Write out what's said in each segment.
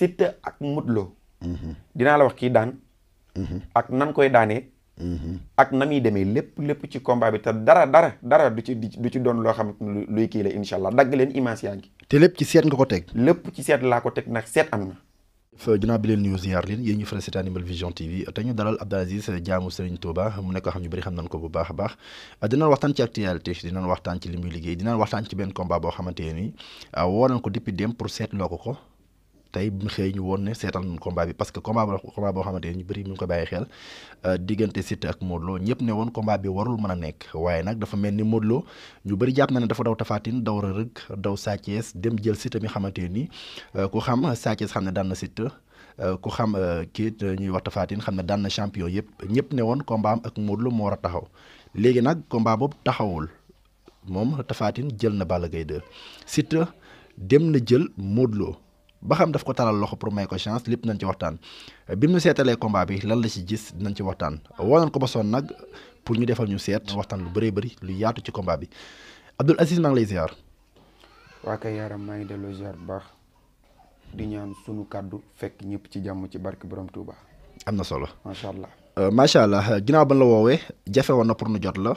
Siteu ak Modou Lo mhm. dinaa la wax kii daan mhm. ak nan koy daanee mhm. ak na muy demee lépp lépp ci combat bi te dara dara dara du ci du doon loo xam luy kii la incha allah dagg leen image yaa ngi te lépp ci seet nga ko teg lépp ci seet laa ko teg nag seet am na ginnaaw bi leen nuyu ziar leen yéen ñu faral seetaan Vision TV te ñu dalal Abdou Aziz jaamu Serigne Touba mu nekk xam ñu bëri xam nañ ko bu baax baax dinañ waxtaan ci actualité dinañ waxtaan ci li muy liggéey dinañ waxtaan ci benn combat boo xamante ne woo nañ ko depuis dem pour seetloo ko ko tey bu ñu woon ne seetal nañu combat bi parce que combat combat boo xamante ne ñu bëri ñu ngi ko bàyyi xel euh, diggante Siteu ak Modou Lo ñëpp ne woon combat bi warul mën a nekk waaye nag dafa mel ni Modou ñu bëri jàpp na ne dafa daw tafaatin daw rërëg daw Sa Thiès dem jël Siteu mi xamante ni euh, ku xam Sa Thiès xam ne daan na Siteu euh, ku xam kii ñuy wax tafaatin xam ne daan na champion yëpp ñëpp ne woon combat am ak Modou Lo moo war a taxaw léegi nag kombaa boobu taxawul moom tafaatin jël na Balla Gaye 2 dem na jël Modou ba xam daf ko talal loxo pour may ko chance lépp nañ ci waxtaan bi mu seetalee combat bi lan la ci gis dinañ ci waxtaan woo nañ ko bosoon nag pour ñu defal ñu seet waxtaan lu bëree bari lu yaatu ci combat bi Abdoul Aziz maa ngi lay ziar. waa kay yaram maa ngi delloo ziar bu di ñaan sunu kàddu fekk ñëpp ci jàmm ci barke borom Touba. am na solo macha allah. Euh, macha allah ginnaaw ba la woowe jafe woon na pour nu jot la.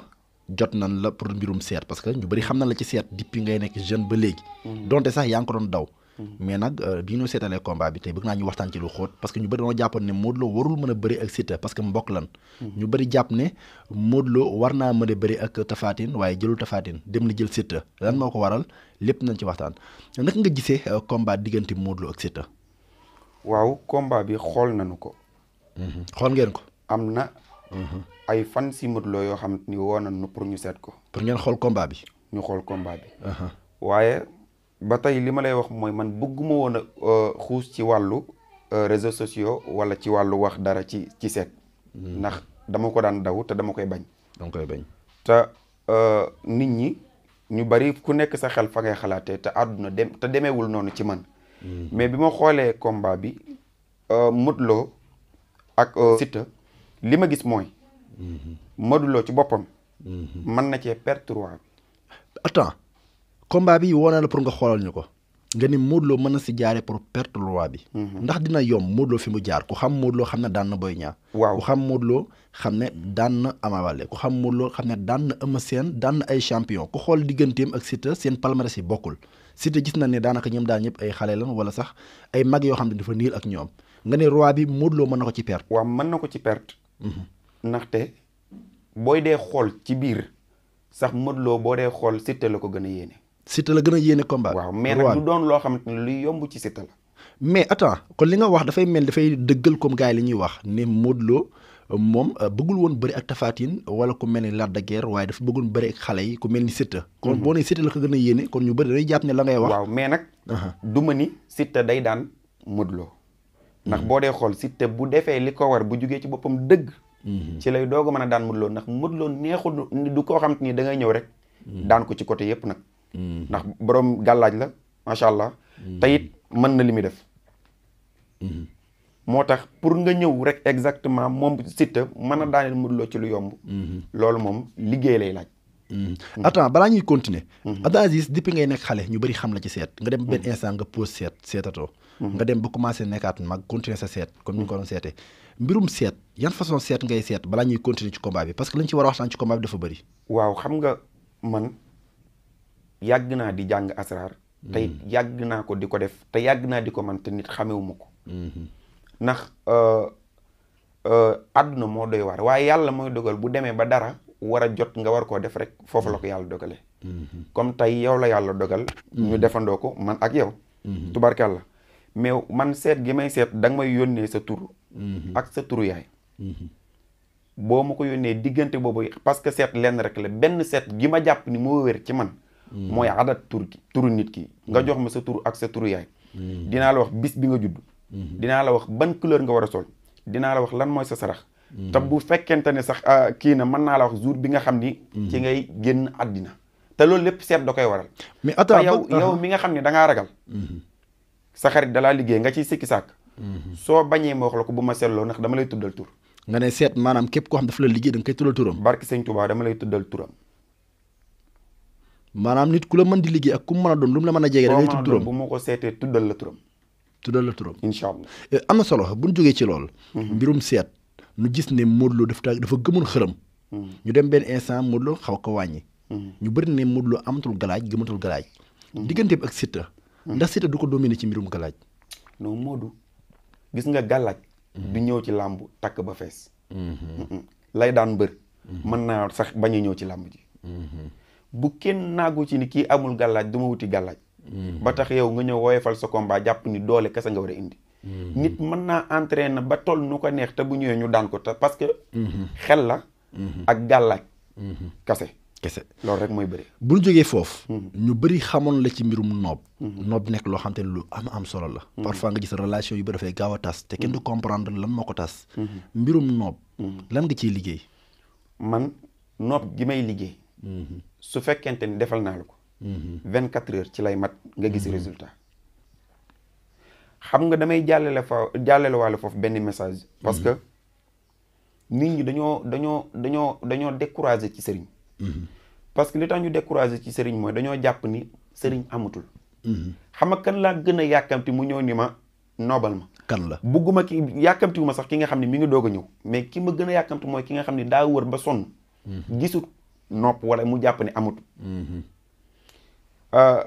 jot nañ la pour mbirum seet parce que ñu bëri xam nañ la ci seet depuis ngay jeune ba léegi. Mm. donte sax yaa ngi ko doon daw. Mm-hmm. mais nag euh, bi ñu seetalee combat bi tey bëgg naa ñu waxtaan ci lu xóot parce que ñu bëri dañoo jàppoon ne Modou Lo warul mën a bëri ak Siteu parce que mbokk lan mm-hmm. ñu bari jàpp ne Modou Lo war naa mën a bëri ak Tapha waaye jëlul Tapha Tine dem na jël Siteu lan moo ko waral lépp nañ ci waxtaan nag nga gisee euh, combat diggante Modou Lo ak Siteu waaw combat bi xool nañu ko mm-hmm. xool ngeen ko am na ay fan si Modou yoo xam ni woo nañu pour ñu seet ko pour ngeen xool combat bi ñu xool combat bi uh-huh. ba tey li ma lay wax mooy man bëgguma woon a euh, xuus ci wàllu euh, réseaux sociaux wala ci wàllu wax dara ci ci seet. Hmm. ndax dama ko daan daw te dama koy bañ. dama koy bañ te euh, nit ñi ñu bari ku nekk sa xel fa ngay xalaatee te àdduna dem te demeewul noonu ci man. Hmm. mais bi ma xoolee combat bi Modou Lo ak Siteu li ma gis mooy. Hmm. Modou Lo ci boppam. mën na cee perte attends combat bi woo na la pour nga xoolal ñu ko nga ni Modou mën na si jaaree pour perte roi bi. Mhm. ndax dina yomb Modou Lo fi mu jaar ku xam Modou Lo xam ne daan na Boy Niang. waaw xam Modou Lo xam ne daan na Ama Baldé xam Modou Lo xam ne daan na Eumeu Sène daan ay champion ku xool digganteem ak Siteu seen palmarès si bokkul Siteu gis na ne daanaka ñoom daal ñëpp ay xale lan wala sax ay mag yoo xam ne dafa niir ak ñoom nga ne roi bi Modou Lo mën na ko ci perte. waa mën na ko ci perte. Mhm. ndaxte booy dee xool ci biir sax Modou boo dee xool Siteu la ko gën a yéene. Siteu la gën a yéene combat. waaw mais nag du doon loo xamante ne luy yomb ci Siteu la. mais attends kon li nga wax dafay mel dafay dëggal comme gars yi li ñuy wax ne Modou loo euh, moom euh, bëggul woon bëri ak tafaatin Tine wala ku mel ni Lac de waaye dafa bëggoon bëri ak xale yi ku mel ni Siteu. kon mhm. boo nee Siteu la ko gën a yéene kon ñu bëri dañuy jàpp ne la ngay wax. waaw mais nag. Uh-huh. du ma ni Siteu day daan Modou loo ndax mhm. boo dee xool Siteu bu defee li ko war bu jugee ci boppam dëgg. Mhm. ci lay doog a mën a daan Modou Lo ndax Modou neexul du koo xam ni da ngay ñëw rek. daan ko ci côté yëpp nag. Mm-hmm. ndax borom gàllaaj la macha allah. Mm-hmm. te it mën na li muy def. Mm-hmm. moo tax pour nga ñëw rek exactement moom Siteu mën na daaneel mu Lo ci lu yomb. loolu moom liggéey lay laaj. attends balaa ñuy continuer. Abdou Aziz depuis ngay nekk xale ñu bëri xam la ci seet. nga dem benn instant nga pose seet seetatoo. nga dem ba commencé nekkaat mag continuer sa seet kon ñu ko doon seetee. mbirum seet yan façon seet ngay seet balaa ñuy continuer ci combat bi parce que li ñu ci war a waxtaan ci combat bi dafa bëri. waaw xam nga man yàgg naa di jàng asraar te it mm-hmm. yàgg naa ko di ko def te yàgg naa di ko man te nit xamewuma ko mm-hmm. ndax adduna euh, euh, moo doy waar waaye yàlla mooy dogal bu demee ba dara war a jot nga war koo def rek foofu la ko yàlla dogale mm-hmm. comme tey yow la yàlla dogal ñu defandoo ko man ak yow tubarkàlla mais man seet gi may seet da nga may yónnee sa tur ak sa turu yaay boo ma ko yónnee diggante boobu parce que seet lenn rek la benn seet gi ma jàpp ni moo wér ci man mooy adat tur ki turu nit ki nga jox ma sa tur ak sa turu yaay dinaa la wax bis bi nga judd dinaa la wax ban couleur nga war a sol dinaa la wax lan mooy sa sarax te bu fekkente ne sax ah, kii na mën naa la wax jour bi nga xam ni ci ngay génn àddina te loolu lépp seet da koy waral mais attends yow mi nga xam ne dangaa ragal sa xarit dalaa liggéey nga ciy sikki sàkk soo bañee ma wax la ko bu ma seetloo ndax dama lay tuddal tur nga ne seet maanaam képp koo xam dafa la liggéey da nga tuddal turam barki sëñ Tuubaa dama lay tuddal turam maanaam nit ku la mën di liggéey ak ku mu mën a doon lu mu la mën a jege. da ngay ko seetee tuddal la turam. tuddal la turam incha allah. Eh, am solo bu ñu jógee ci lool. Mhm. mbirum seet nu gis ne Modou Lo dafa dafa gëmoon xërëm. Mhm. ñu dem benn instant Modou Lo xaw ko wàññi. Mhm. ñu bëri ne Modou Lo amatul galaaj gëmatul galaaj. diggante bi ak Siteu. ndax Siteu du ko dominer ci mbirum galaaj. non Modou gis nga galaaj. du ñëw ci làmb takk ba fees. lay daan mbër. mën naa sax bañu ñëw ci làmb ji. bu kenn naagu ci ni kii amul gàllaaj du ma wuti gàllaaj hmm. ba tax yow nga ñëw woyefal sa combat jàpp ni doole kese nga war a indi hmm. nit mën naa na ba toll nu ko neex te bu ñëwee ñu daan ko te parce que hmm. xel la ak gàllaaj kase kese loolu rek mooy bëri bu ñu jógee foofu ñu bëri xamoon la ci mbirum noob noob nekk loo xam te ni lu am am solo la parfois nga sa relation yu bëri dafay gaaw a tas te kenn du comprendre lan moo ko tas mbirum noob lan nga ciy liggéey man gi may liggéey su fekkente ni defal naa la ko. Mhm. vingt quatre heures ci lay mat nga gis mhm. résultat. xam nga damay jàllale fa jàllale waale foofu benn message. parce mhm. que nit ñi dañoo dañoo dañoo dañoo découragé ci sëriñ. parce que li taa ñu découragé ci sëriñ mooy dañoo jàpp ni sëriñ amatul. xam nga kan laa gën a yàkkamti mu ñëw ni ma noobal ma. kan la bugguma ki yàkkamtiwu ma sax ki nga xam ne mi ngi doog a ñëw. mais ki ma gën a yàkkamti mooy ki nga xam ne daa wër ba sonn. gisut nopp wala mu jàpp ne amut mhm. euh,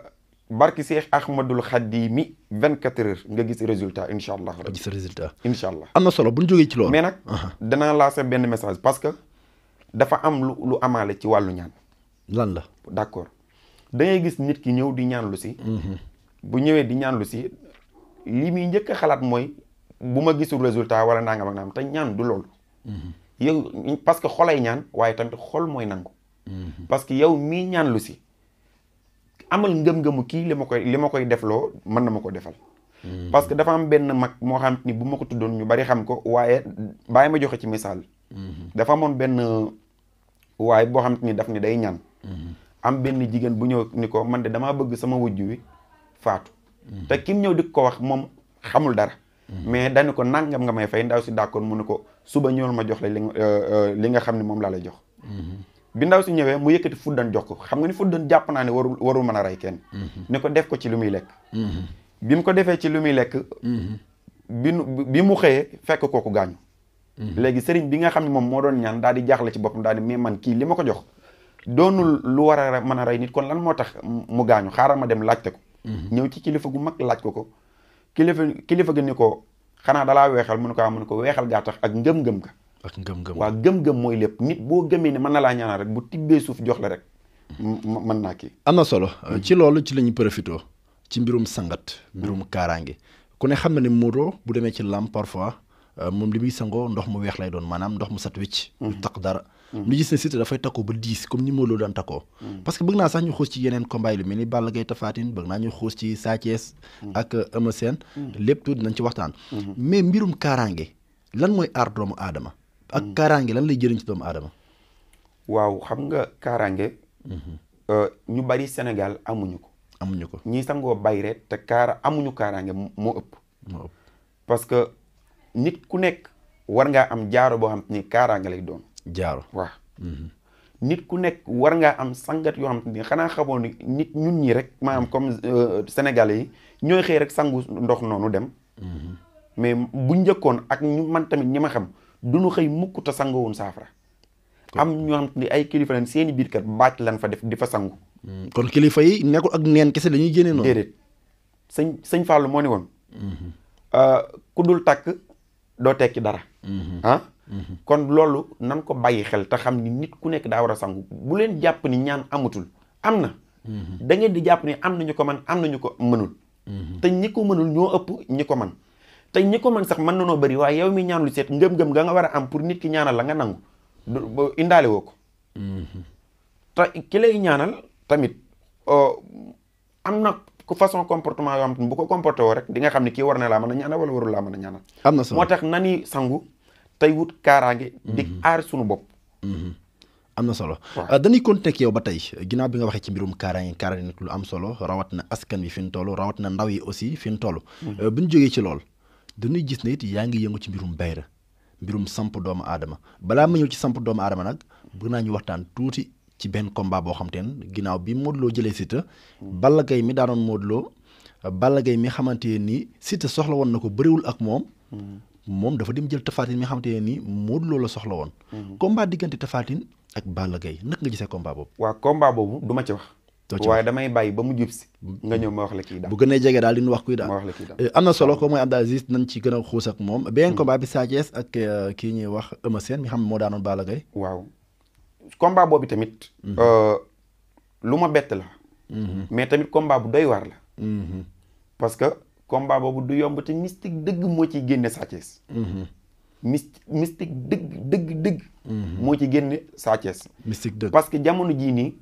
barki Seex Ahmadul Xadimi vingt quatre heures nga gis résultat incha allah. nga gis résultat incha allah. am na solo bu ñu jógee ci loolu. mais nag uh-huh. danaa lancer benn message parce que dafa am lu lu amaale ci wàllu ñaan. lan la d' accord da gis nit ki ñëw di ñaan lu si. Mhm. bu ñëwee di ñaan lu si li muy njëkk a xalaat mooy bu ma gisul résultat wala nangam ak am te ñaan du loolu. Mhm. yow parce que xolay ñaan waaye tamit xol mooy nangu. Mhm. parce que yow mii ñaan lu si amal ngëm-ngëmu kii li ma koy li ma koy defloo mën na ma ko defal. Mhm. parce que dafa am benn mag moo xam ni bu ma ko tuddoon ñu bari xam ko waaye bàyyi ma joxe ci misaal. Mhm. dafa amoon benn waaye boo xam ni daf ni day ñaan. am benn jigéen bu ñëw ni ko man de damaa bëgg sama wujj wi faatu. te kim ñëw di ko wax moom xamul dara. mais dañu ko nangam nga may fay ndaw si d'accord mu ne ko suba ñëwal ma jox la li nga euh, euh, xam ne moom laa lay jox. bi ndaw si ñëwee mu yëkkati fuddan jox ko xam nga ni fuddan jàpp naa ne warul warul mën a rey kenn mhm. ni ko def ko ci lu muy lekk mhm. bi mu ko defee ci lu muy lekk mhm. bi mu xëyee fekk kooku gaañu léegi sëriñ bi nga xam ne moom moo doon ñaan daal di jaaxle ci boppam daal di mais man kii li ma ko jox doonul lu war a mën a rey nit kon lan moo tax mu gaañu xaaral ma dem laajte ko ñëw ci kilifa gu mag laaj ko ko kilifa kilifa gi ni ko xanaa dalaa weexal mu ne ko ah mu ne ko weexal gaa tax ak ngëm-ngëm ka ak ngëm-ngëm waaw gëm-gëm mooy lépp nit boo gëmee ne man na laa ñaanal rek bu tibbee suuf jox la rek man naa kii. am na solo hmm. ci loolu ci la ñu profité ci mbirum sangat mbirum hmm. kaaraange ku ne xam na ne Modou bu demee ci làmb parfois euh, moom li muy sangoo ndox mu weex lay doon maanaam ndox mu sat wicc hmm. du taq dara. ñu gis ne Siteu dafay takkoo ba diis comme ni Modou Lô daan takkoo parce que bëgg naa sax ñu xuus ci yeneen combat yi lu mel ni Balla Gaye Tapha Tine bëgg naa ñu xuus ci euh, lépp tuuti nañ ci waxtaan mais mbirum kaaraange lan mooy aar aadama ak mm. kaaraange lan lay jëriñ ci doomu aadama. waaw xam nga kaaraange. Mm-hmm. Euh, ñu bari Sénégal amuñu ko. amuñu ko ñi sangoo bayre te kaara amuñu kaaraange moo ëpp. parce que nit ku nekk war ngaa am jaaro boo xam ni kaaraange doon. jaaro mm-hmm. nit ku nekk war ngaa am sangat yoo xam ni xanaa xamoon ni nit ñun ñi rek maanaam comme euh, Sénégalais yi ñooy xëy rek sangu ndox noonu dem. Mm-hmm. mais bu njëkkoon ak man tamit ñi ma xam. du nu xëy mukk te sangu woon saafara. am ñoo xam ne ay kilifa lañ seen i biir kat bàcc lan fa def di fa sangu. Hmm. kon kilifa yi nekkul ak neen kese dañuy génne noonu. sëñ sëñ moo ne woon. Hmm. Euh, ku dul takk doo tekki dara. Hmm. Ah? kon loolu nan ko bàyyi xel te xam ni nit ku nekk daa war a sangu bu leen jàpp ni ñaan amatul am na. da di jàpp ni am nañu ko man am nañu ko mënul. te ñi ko mënul ñoo ëpp ñi ko man tey ñi ko man sax mën nanoo bëri waaye yow mi ñaanlu seet ngëm-ngëm nga nga war a am pour nit ki ñaanal la nga nangu indaale woo ko mhm. te ki lay ñaanal tamit euh, am na ku façon comportement yoo xam bu ko comporté woo rek di nga xam ne kii war na laa mën a ñaanal warul a ñaanal am na solo moo tax ni sangu tey wut kaaraange mhm. di aar suñu bopp mhm. am na solo euh, dañuy continuer ak yow ba tey ginnaaw bi nga waxee ci mbirum kaaraange kaaraange nag lu am solo rawat na askan wi fi ñu toll rawat na ndaw yi aussi fi ñu toll euh, bu ñu jógee ci lool dañuy gis ne it yaa ngi yëngu ci mbirum bayra mbirum samp doomu aadama balaa ma ñëw ci samp doomu aadama nag bëgg naa ñu waxtaan tuuti ci benn combat boo xam ne ginnaaw bi Modou Lo jëlee Siteu. Balla Gaye mi daanoon Modou Lo gay mi xamante ne nii Siteu soxla woon na ko bëriwul ak moom. moom dafa dem jël Tapha Tine mi xamante ne nii Modou la soxla woon. Mm-hmm. combat diggante Tapha Tine ak Balla Gaye naka nga jisee combat boobu. waaw combat boobu du ma ci wax. waaye damay bàyyi ba mu jub nga ñëw ma wax la kii daal bu gën a jege daal di ñu wax kuy daal ma wax la kii daal eh, am na solo ko mooy Abdou Aziz nañ ci gën a xuus ak moom beneen hmm. combat bi Sa ak eh, kii ñuy wax Eumeu Sène mi xam moo daanoon Balla Gaye waaw combat boobu tamit hmm. euh, lu ma bett la hmm. mais tamit combat bu doy war la parce que combat boobu du yomb te mystique dëgg moo ciy génne Sa Thiès mystique mystique ci génne Sa Thiès mystique dëgg parce que jamono jii nii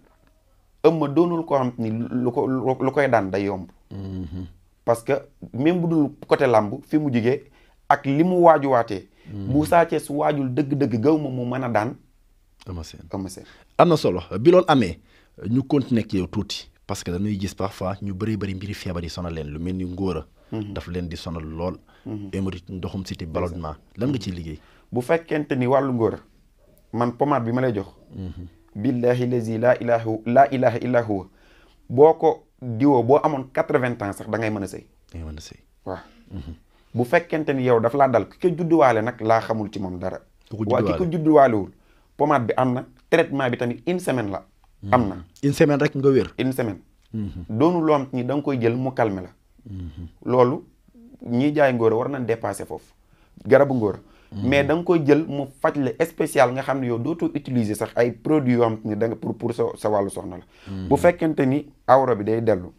ma doonul ko xam ni lu ko lu koy daan day yomb. Mhm. parce que même bu dul côté làmb fi mu jugee ak li mu waajuwaatee. Mhm. bu saacee su waajul dëgg-dëgg gaw ma mu mën a daan. Eumeu Sène Eumeu Sène am na solo bi loolu amee ñu continuer ci yow tuuti parce que dañuy gis parfois ñu bëri bëri mbiri feebar yi sonal leen lu mel ni ngóora. Mhm. daf leen di sonal lool. émorite ndoxum siti ballonnement lan nga ciy liggéey. bu fekkente ni wàllu ngóora man pommade bi ma lay jox. billahi lazi laa ilaha laa ilaha illa huwa boo ko diwoo boo amoon quatre-vingts ans sax da ngay mën a sëy da ngay mën a mhm. bu fekkente ni yow daf laa dal ki ko judduwaale nag laa xamul ci moom dara waa ki ko judduwaalewul pomade bi am na traitement bi tamit une semaine la mhm. am na une semaine rek nga wér une semaine mhm. doonu loom ni da nga koy jël mu calmer la loolu ñiy jaay ngóor war na dépasser foofu garabu ngóor mais danga ko jël mu faj la spécial nga xam ne yow dootoo utiliser sax ay produits yoo xam ne da pour pour sa sa wàllu soxna la. Hmm. bu fekkente ni awra bi day dellu.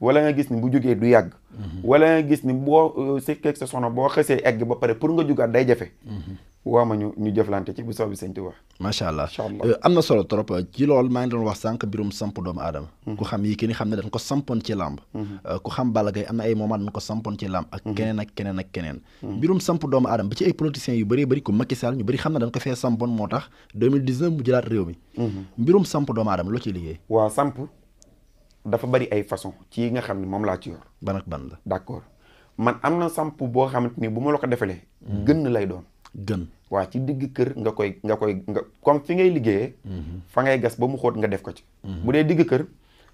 wala nga gis ni bu jógee du yàgg. Hmm. wala nga gis ni boo euh, si keeg sa soxna boo xësee egg ba pare pour nga jugaat day jafe. Hmm. waa ma ñu ñu jëflante ci bu soobee sëñ wax macha allah euh, am na solo trop ci lool maa ngi doon wax sànq mbirum samp doomu aadama. Mhm. ku xam yi ki ni xam ne dañ ko sampoon ci làmb. Mhm. Euh, ku xam Balla Gaye am na ay moment dañ ko sampoon ci làmb. ak mhm. keneen ak keneen ak keneen. mbirum samp doomu aadama ba ci ay politiciens yu bëri ku Macky Sall ñu bëri xam ne dañ ko fee sampoon moo tax 2019 mu jëlaat réew mi. mbirum samp doomu aadama loo ciy liggéey. waaw samp dafa bari ay façon ci yi nga xam ne moom laa ci yor. ban ak ban la. d' accord man am na samp boo xamante ni bu ma la ko defalee. gën lay doon gën waa ci digg kër nga koy nga koy nga comme fi ngay liggéeye mhm. fa ngay gas ba mu xóot nga def ko ci mhm. bu dee digg kër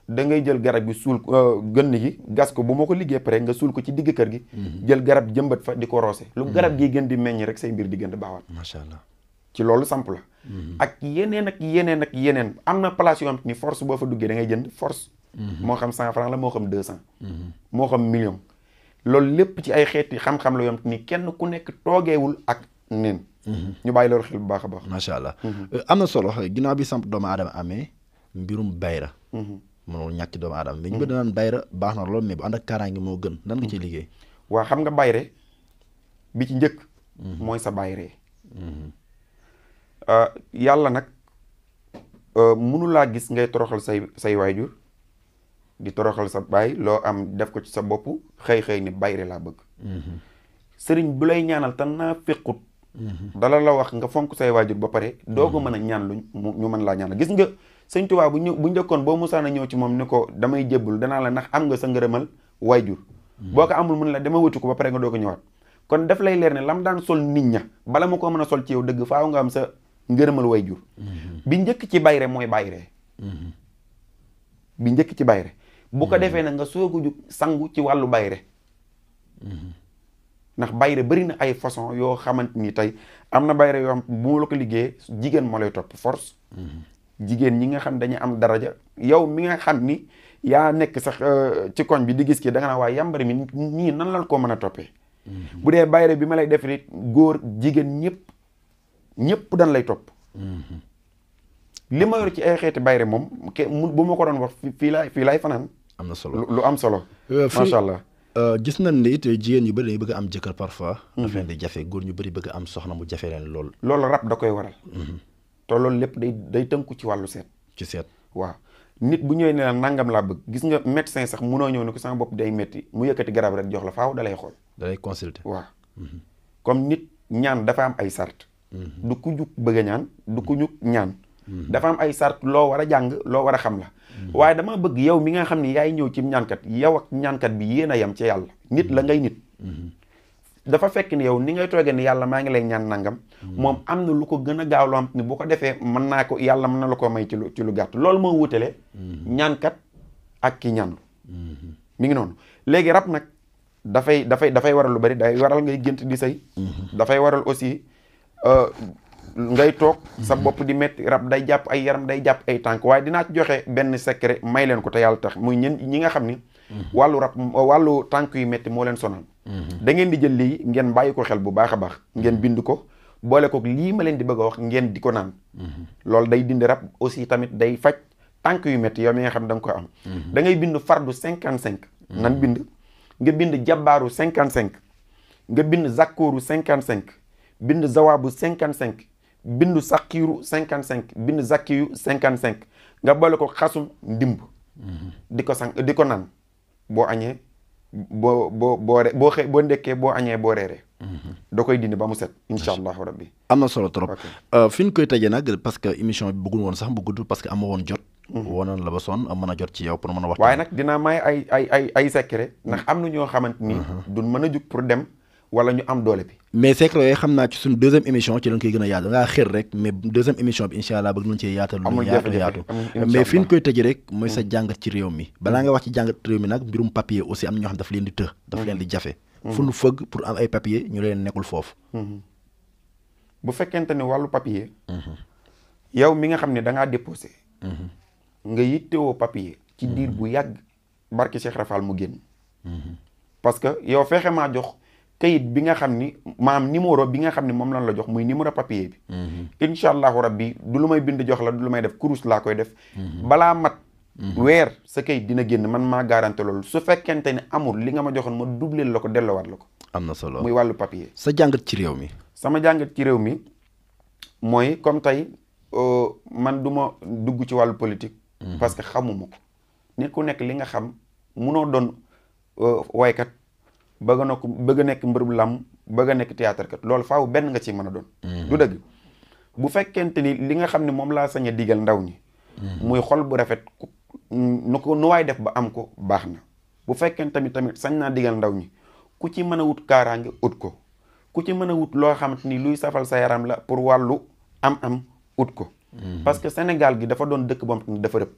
da ngay jël garab bi suul euh, gën gi gas ko bu moo ko liggéey pare nga suul ko ci digg kër gi mhm. jël garab jëmbat fa di ko roose lu garab gi gën di meññ rek say mbir di gën baawaat macha allah ci loolu samp la ak yeneen ak yeneen ak yeneen am na place yoo ni force boo fa duggee da ngay jënd force moo xam cent franc la moo xam deux cent moo xam million loolu lépp ci ay xeeti xam-xam la yoo ni kenn ku nekk toogeewul ak nin mhm. ñu bàyyi loolu xel bu baax a baax. macha allah mhm. euh, am na solo ginnaaw bi samp doomu aadama amee mbirum bayra. Mhm. mënul ñàkk ci doomu aadama. mais ñu bëgg naan bayra baax na lool mais bu ànd ak kaaraange moo gën. nan nga ciy liggéey. waa xam nga bayre bi ci njëkk. mooy sa bayre. Euh, yàlla nag euh, mënu laa gis ngay toroxal say say waajur di toroxal sa baay loo am def ko ci sa bopp xëy xëy ni bayre laa bëgg. sëriñ bu lay ñaanal tan naa fekkut. Mm-hmm. dala la wax nga fonk say waajur ba pare doo ko mën a ñaan lu ñu mën laa ñaan gis nga sëñ Tuubaa bu ñu bu njëkkoon boo musaan a ñëw ci moom ni ko damay jébbal danaa la ndax am nga sa ngërëmal waajur mm-hmm. boo ko amul mun la dama wuti ko ba pare nga doo ko ñëwaat kon daf lay leer ne lam daan sol nit ña bala mu ko mën a sol ci yow dëgg faaw nga am sa ngërëmal waajur mm-hmm. bi njëkk ci bayre mooy bayre bi njëkk ci bayre bu ko defee na nga soog sangu ci wàllu bayre ndax bayre bari na ay façon yoo xamante ni tey am na bayre yoo xam bu la ko liggéeyee jigéen moo lay topp force. jigéen ñi nga xam dañu am daraja yow mi nga xam ni yaa nekk sax euh, ci koñ bi di gis ki da nga naa waaye yàmbari mi nii nan la ko mën a toppee. Mm-hmm. bu dee bayre bi ma lay def nit góor jigéen ñëpp ñëpp dañ lay topp. Mm-hmm. li ma yor ci ay xeeti bayre moom ke bu ma ko doon wax fii fii laay fanaan. am na solo lu am solo. Euh, macha Euh, gis nañ ne it jigéen ñu bëri dañu bëgg am jëkkër parfois. daf mhm. leen di jafe góor ñu bëri bëgg am soxna mu jafe leen lool. loolu rab da koy waral. Mhm. te loolu lépp day day tënku ci wàllu seet. ci seet waaw nit bu ñëwee ne la nangam laa bëgg gis nga médecin sax munoo ñëw ne ko sama bopp day métti mu yëkkati garab rek jox la faaw dalay lay xool. da lay consulter waaw. Mhm. comme nit ñaan dafa am ay sart. du ku bëgg ñaan du ku ñaan. dafa am ay sart loo war a jàng loo war a xam la. waaye dama bëgg yow mi nga xam ni yaay ñëw ci ñaankat yow ak ñaankat bi yéen a yem ci yàlla nit la ngay nit mm-hmm. dafa fekk ni yow ni ngay toogee ni yàlla maa ngi lay ñaan nangam mm-hmm. moom am na lu ko gën a gaaw loo am ko defee mën naa ko yàlla mën na la ko may ci lu ci lu gàtt loolu moo wutale mm-hmm. ñaankat ak ki ñan mi ngi noonu léegi rab nag dafay dafay dafay waral lu bari day waral ngay gént di sëy dafay waral aussi euh, ngay toog mhm. sa bopp di métti rab day jàpp ay yaram day jàpp ay tànk waaye dinaa joxe benn secret may leen ko te yàlla tax muy ñen ñi nga xam ni mhm. wàllu rab wàllu tànk yu métti moo leen sonal mhm. da ngeen di jël lii ngeen bàyyi ko xel bu baax a baax ngeen bind ko boole ko lii ma leen di bëgg a wax ngeen di ko naan loolu day dindi aussi tamit day faj tànk yu métti yow mi nga xam da nga ko am da ngay bind fardu cinquante cinq nan bind nga bind jabbaaru cinquante cinq nga bind zakkooru cinquante cinq bind zawaabu cinquante cinq bindu saqiiru cinquante cinq bindu zakkiyu cinquante cinq nga boole ko xasum ndimb di ko sang di ko naan boo añee boo boo boo re boo xëy boo ndekkee boo añee boo reeree da koy dindi ba mu set incha allahu rabbi am na solo trop euh, fi ñu koy tëjee nag parce que émission bi woon sax bu gudd parce que ama woon jot mhm. woonoon a ba sonn mën a jot ci yow pour mën a wax waaye nag dinaa may ay ay ay ay secret ndax am na ñoo xamante ni mhm. duñ mën a jug pour dem wala ñu am doole bi. mais secret xam naa ci suñu deuxième émission ci lañ koy gën a yaatu da ngaa xër rek mais deuxième émission bi incha allah bëgg nañ cee yaatal. lu yaatu mais fi koy tëjee rek mooy sa mm. jàngat ci réew mi. balaa nga wax ci jàngat réew mi nag mbirum papier aussi am na ñoo xam daf leen di të. daf leen di mm. jafe. Mm. fu ñu fëgg pour am ay papier ñu leen nekkul foofu. Mm-hmm. bu fekkente ne wàllu papier. Mm-hmm. yow mi nga xam ne da ngaa déposé. Mm-hmm. nga yittewoo papier. ci diir bu yàgg barki Cheikh Rafal mu génn. parce que yow fexe maa jox kayit bi nga xam ni maam numéro bi nga xam ne moom lan la jox muy numéro papier bi. Mm-hmm. incha allahu rabbi du lu may bind jox la du lu may def kurus laa koy def. Mm-hmm. balaa mat. Mm-hmm. weer sa kayit dina génn man maa garanté loolu su fekkente ne amul li nga ma joxoon ma dubleel la ko delloowaat ko. am na solo muy wàllu papier. sa jàngat ci réew mi. sama jàngat ci réew mi mooy comme tey euh, man du dugg ci wàllu politique. parce que xamuma ko nit ku nekk li nga xam munoo doon euh, waykat bëgg na ko bëgg nekk mbërum làmm bëgg a nekk théâtre kat loolu faw benn nga ci mën a doon. Mm-hmm. du dëgg bu fekkente ni li nga xam ne moom laa sañ a digal ndaw ñi. Mm-hmm. muy xol bu rafet nu ko nu waay def ba am ko baax na. bu fekkente tamit tamit sañ naa digal ndaw ñi ku ci mën a wut kaaraange ut ko ku ci mën a wut loo xamante ni luy safal sa yaram la pour wàllu am-am ut ko. Mm-hmm. parce que Sénégal gi dafa doon dëkk boobu dafa rëpp.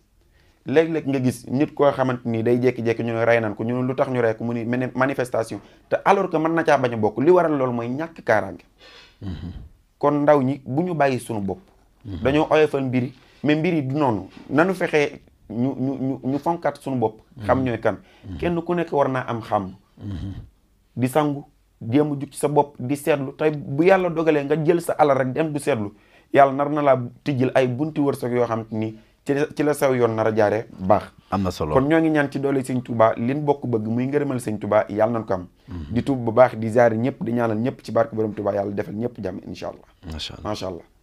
léeg-léeg nga gis nit koo xamante ni day jékki-jékki ñu rey nañ ko ñu ne lu tax ñu rey ko mu ni manifestation te alors que mën na caa bañ a bokk li waral loolu mooy ñàkk kaaraange. Mm-hmm. kon ndaw ñi bu ñu bàyyi suñu bopp. Mm-hmm. dañoo oyofal mbir mais mbir yi du noonu nanu fexee ñu ñu ñu ñu fonkaat suñu bopp. xam mm-hmm. ñooy kan. kenn ku nekk war naa am xam. di sangu jéem a sa bopp di seetlu tey bu yàlla dogalee nga jël sa alal rek dem du seetlu yàlla nar na laa tijjil ay bunti wërsëg yoo xam ni. ci la saw yoon nar a jaare baax am na solo kon ngi ñaan ci doole sëñ Touba liñ bokk bëgg muy ngërëmal sëñ Touba yàlla nañ ko am mm-hmm. di tuub bu baax di ziare ñëpp di ñaanal ñëpp ci barke borom Touba yàlla defal ñëpp jàmm incha allah macha allah